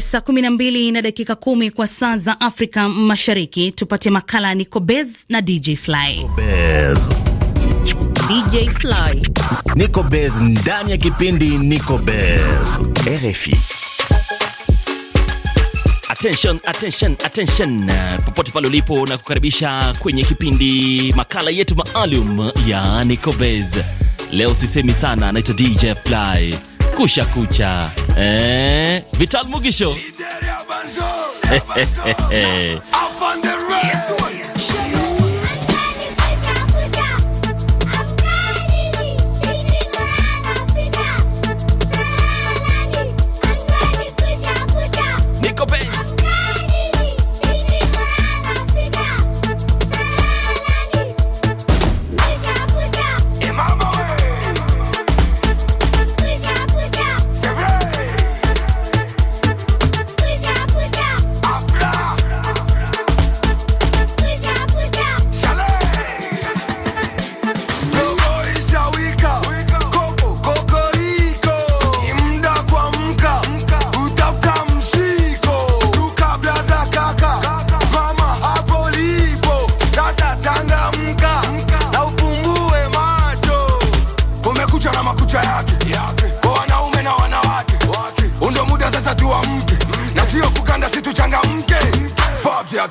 Saa 12 na dakika kumi kwa saa za Afrika Mashariki, tupate makala ni Kobez na DJ Fly. Kobez. DJ Fly. Niko Bez ndani ya kipindi Niko Bez. RFI. Attention, attention, attention. Popote pale ulipo na kukaribisha kwenye kipindi makala yetu maalum ya Niko Bez. Leo sisemi sana, naitwa DJ Fly kusha kucha eh, Vital Mugisho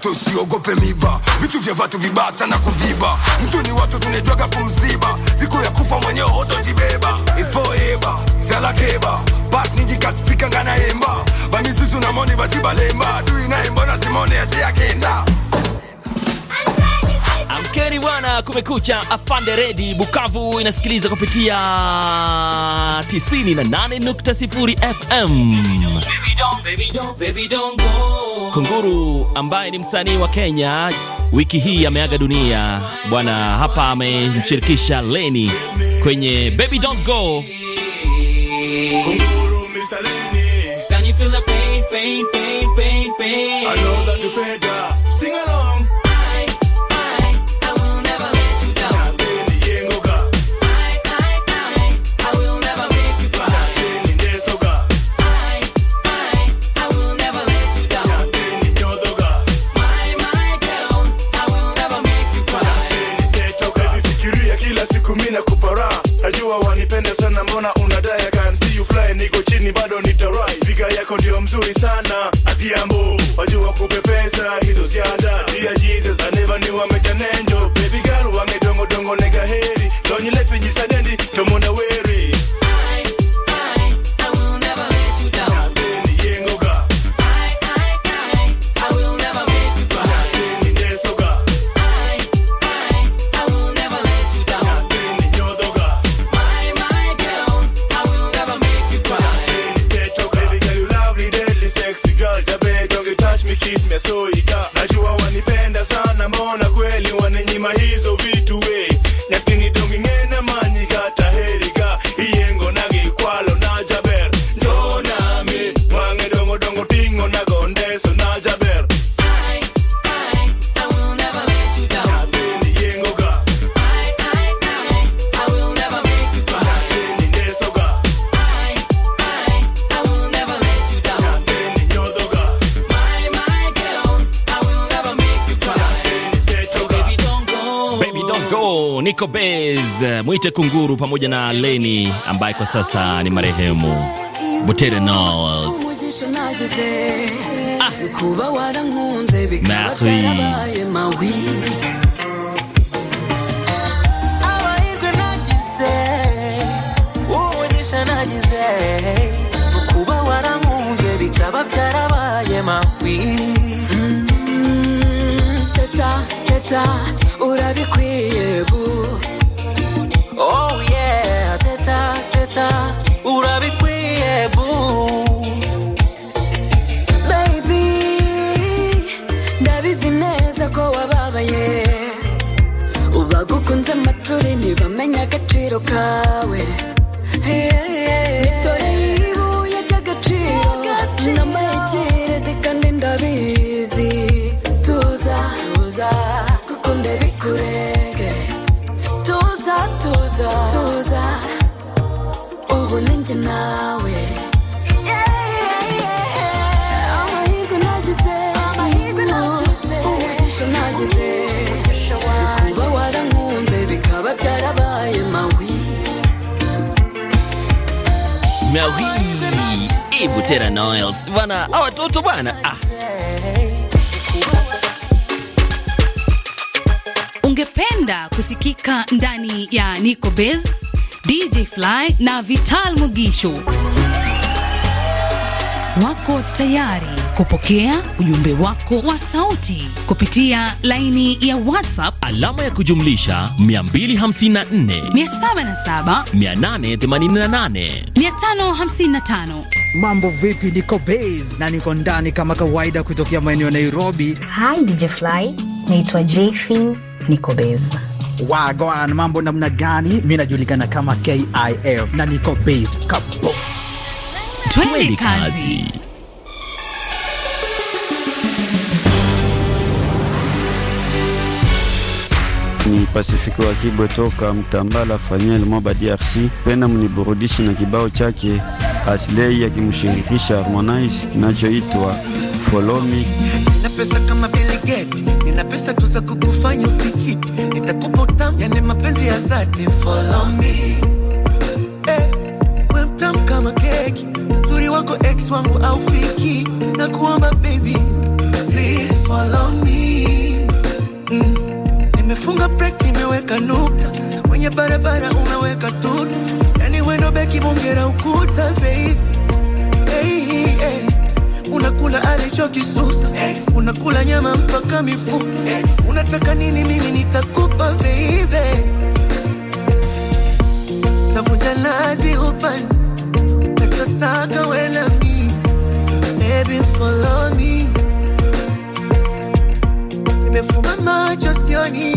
watu usiogope miba, vitu vya vatu vibaya sana kuviba. Mtu ni watu tunejwaga kumziba, siku ya kufa mwenyewe hotojibeba. ifo eba zalakeba bas ningi katika ngana emba bamisusu na moni basi balemba adui naye mbona simone asiyakenda Kumekucha Afande Redi Bukavu inasikiliza kupitia 98.0 FM. Kunguru ambaye ni msanii wa Kenya wiki hii ameaga dunia bwana. Hapa amemshirikisha Leni kwenye Baby Don't Go. Kunguru, Nico Bez, mwite kunguru, pamoja na Leni ambaye kwa sasa ni marehemu Butere Knowles. Ah. Marie mm-hmm. Teta, teta urabikwiye bu Butera Noels bwana, hawa watoto bwana, ah. Ungependa kusikika ndani ya Nico Bez, DJ Fly na Vital Mugisho wako tayari kupokea ujumbe wako wa sauti kupitia laini ya WhatsApp alama ya kujumlisha 254 Mambo vipi? Niko base na niko ndani kama kawaida kutokea maeneo ya Nairobi. Hi DJ Fly, naitwa Jfin, niko base. Wagwan, mambo namna gani? Mi najulikana kama KIF na niko base kapo. Twende kazi. ni Pasifiki wa Kibwe toka Mtambala Fanyel Moba DRC. Penda mniburudishi na kibao chake Aslei akimshirikisha Harmonize kinachoitwa Follow Me. Sina pesa kama Bill Gates, nina pesa tu za kukufanya usichiti, nitakupa utamu, yani mapenzi ya dhati. Follow me, eh, we tam kama keki, zuri wako ex wangu au fiki, na kuomba baby, please follow me Nimefunga break, nimeweka nukta kwenye barabara, umeweka tuta, yani weno beki bongera ukuta baby. Hey, hey, unakula alichokisusa, unakula nyama mpaka mifupa, unataka nini? Mimi nitakupa baby, navunja lazi upani nachotaka wewe na baby, follow me, nimefunga macho sioni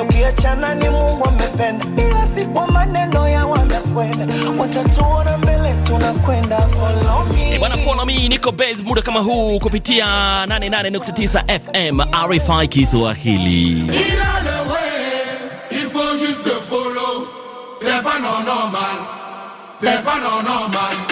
tukiachana ni Mungu amependa, ila si kwa maneno ya wanakwenda, watatuona mbele tunakwenda. Follow me Hey, eh, bwana, follow me, niko base muda kama huu kupitia 88.9 FM RFI Kiswahili. Ila le way, il faut juste follow, c'est pas normal, c'est pas normal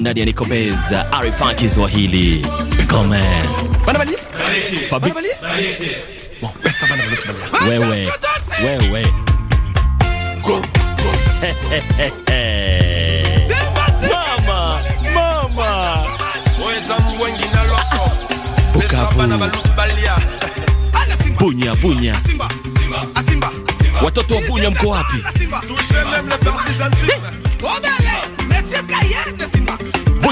kibao ndani ya Nico Bez RFI Kiswahili come wewe wewe mama mama ah, bunya bunya watoto wa bunya mko wapi?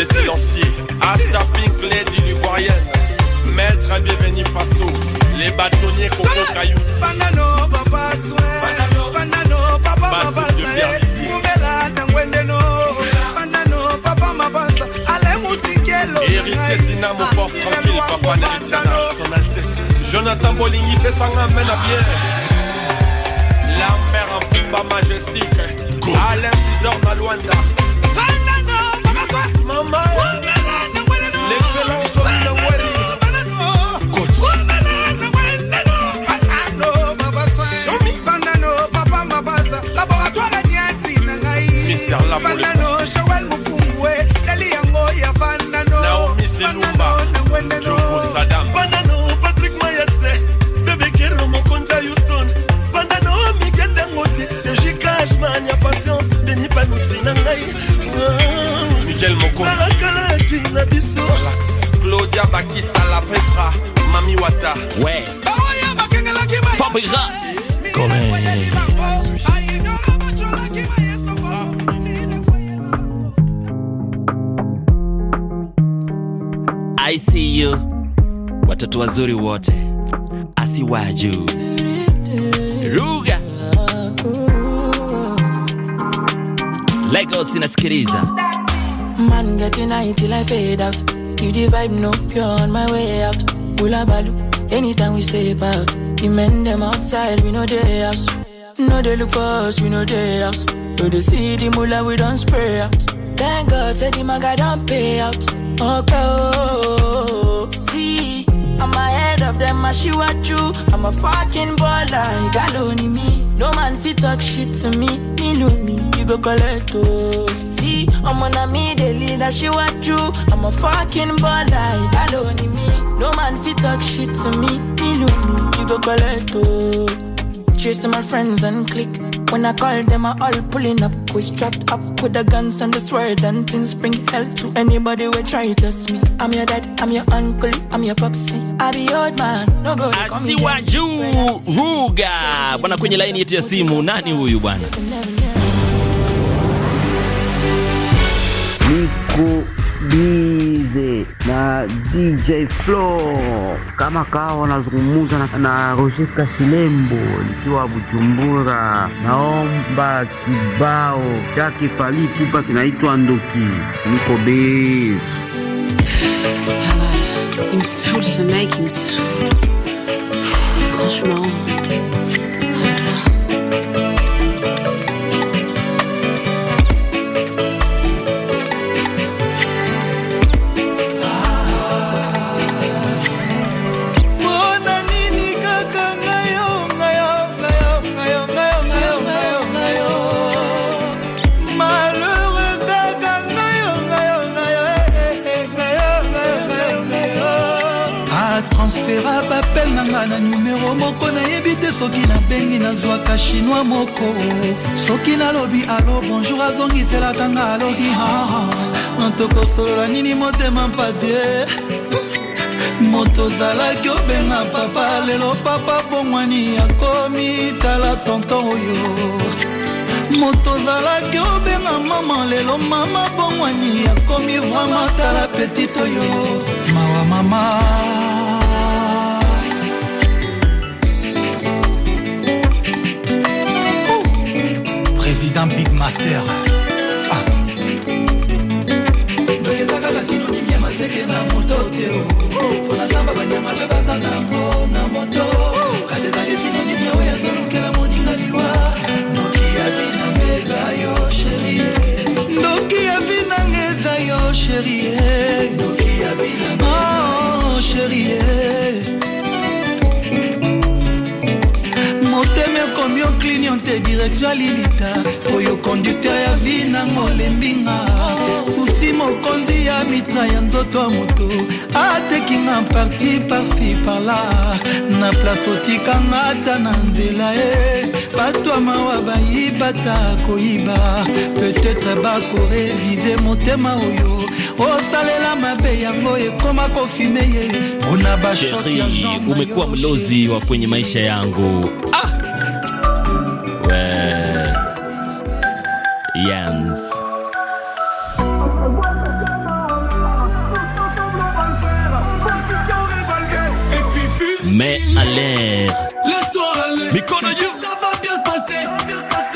les silenciers. Asta Pink Lady l'ivoirienne. Maître bienvenue Faso. Les bâtonniers Coco ah cailloux. Panano, papa, souhait. Panano, ah, papa, papa, souhait. Moubela, Nangwendeno. Banano, papa, ma base Allez, musiquello. Héritier Sina, mon force tranquille. Papa, Neritiana, son Altesse. Jonathan il fait ça, à mène à bien. La mère en pas majestique. Alain ma Malouanda. Mama, mama. Paki Sala Petra, Mami Wata. Ouais. Oh, I see you. Watoto wazuri wote asiwaju ruga Lagos inasikiliza Man get it till I fade out If the vibe no pure on my way out, will a balu? Anytime we step out, the men them outside, we know they house. No, they look for us, we know they ask. No, they see the mullah, we don't spray out. Thank God, said the maga don't pay out. Okay, oh, oh, oh them I she what you. I'm a fucking baller, galo ni me. No man fi talk shit to me, me know me, you go collect oh. See, I'm on a me the leader, she what you. I'm a fucking baller, galo ni me. No man fi talk shit to me, me know me, you go collect oh. pictures to my friends and click. When I call them, I all pulling up. We strapped up with the guns and the swords and things. Bring hell to anybody who try to test me. I'm your dad, I'm your uncle, I'm your popsy. I be old man, no go. I see me what you ruga bwana, kwenye laini yetu ya simu, nani huyu bwana? Niko Nize na DJ Flo kama kawa wanazungumuza na, na Roger Kashilembo nikiwa Bujumbura. Naomba kibao cha kipali chupa kinaitwa Ndoki niko base ni ah, na franchement apel na nga na numero moko nayebi te soki nabengi nazwaka chinois moko soki nalobi alo bonjour azongiselaka nga aloki tokosolola nini motema mpasi moto ozalaki obenga papa lelo papa bongwani akomi tala tonton oyo moto ozalaki obenga mama lelo mama bongwani akomi vrama tala petit oyo mawa mama, mama. master tokezaka ah. na maseke na moto te mpo nazamba banyama na baza mo okomi oclinion te direction lilita oyo kondukter ya vi nango lembinga susi mokonzi ya mitra ya nzoto ya moto atekinga parti parci parla na place otikanga ata na nzela ye eh. bato ya mawa bayiba koyiba peut-être bakorevive motema oyo osalela mabe yango ekoma kofime ye mpona basheri umekuwa mlozi wa kwenye maisha yangu Ouais. Yams. Mais à l'air. Mais Ça va bien se passer.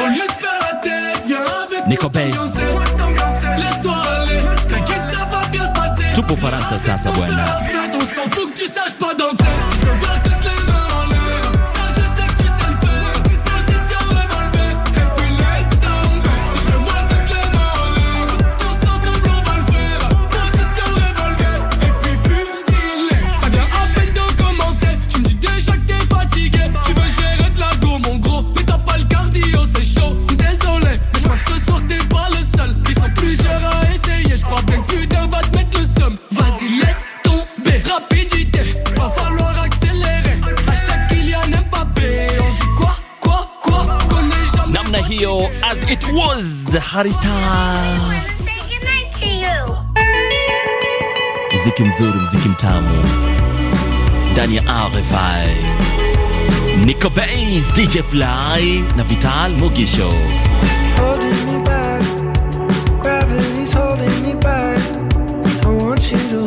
Au lieu de faire la tête, viens avec Nico Laisse-toi aller. va bien se passer. Tout pour faire ça, Haristas. Musik im Sud, Musik im Tamu. Daniel Arifai. Nico Bass, DJ Fly. Navital Mugi Show. Holding me back. Gravity's holding me back. I want you to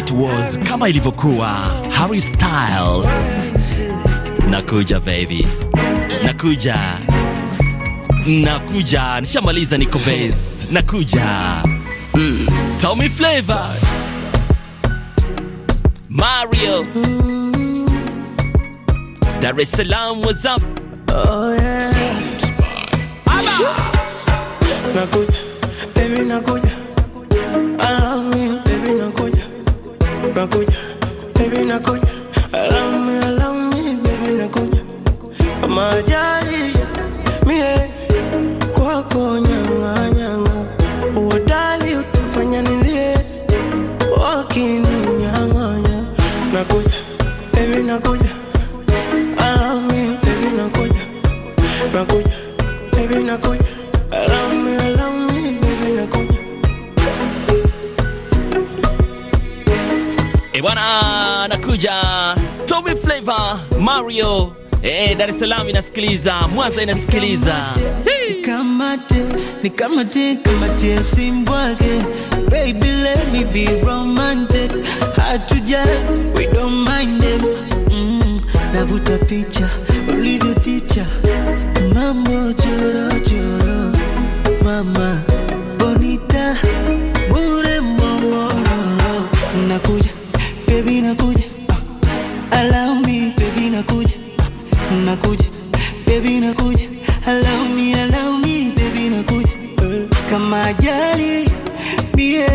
it was, kama ilivyokuwa Harry Styles. Nakuja baby, nakuja, nakuja, nishamaliza niko base, nakuja mm. Tommy Flavor, Mario, Dar es Salaam, what's up? Oh yeah, nakuja ¡Gracias! Eh, bwana, nakuja Tommy Flavor Mario. Eh, Dar es Salaam inasikiliza, Mwanza inasikiliza. Nikamate, nikamate, kamate usimbwage. Baby let me be romantic. Hatuja, we don't mind them. Mm, navuta picha, ulivyo ticha. Mambo joro joro. Mama ajali mie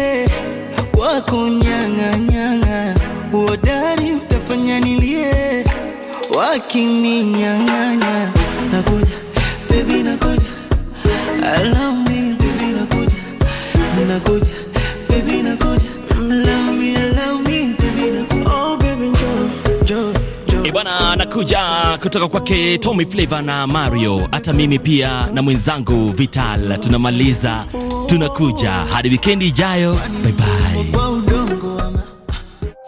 wako nyanga, uodari utafanya nilie, wakininyang'anya nakuja baby, nakuja I love me baby, nakuja nakuja baby, nakuja love me, love me baby, nakuja oh baby, njoo njoo eh, Bwana nakuja kutoka kwake Tommy Flavor na Mario, hata mimi pia na mwenzangu Vital tunamaliza tunakuja hadi wikendi ijayo, bye bye.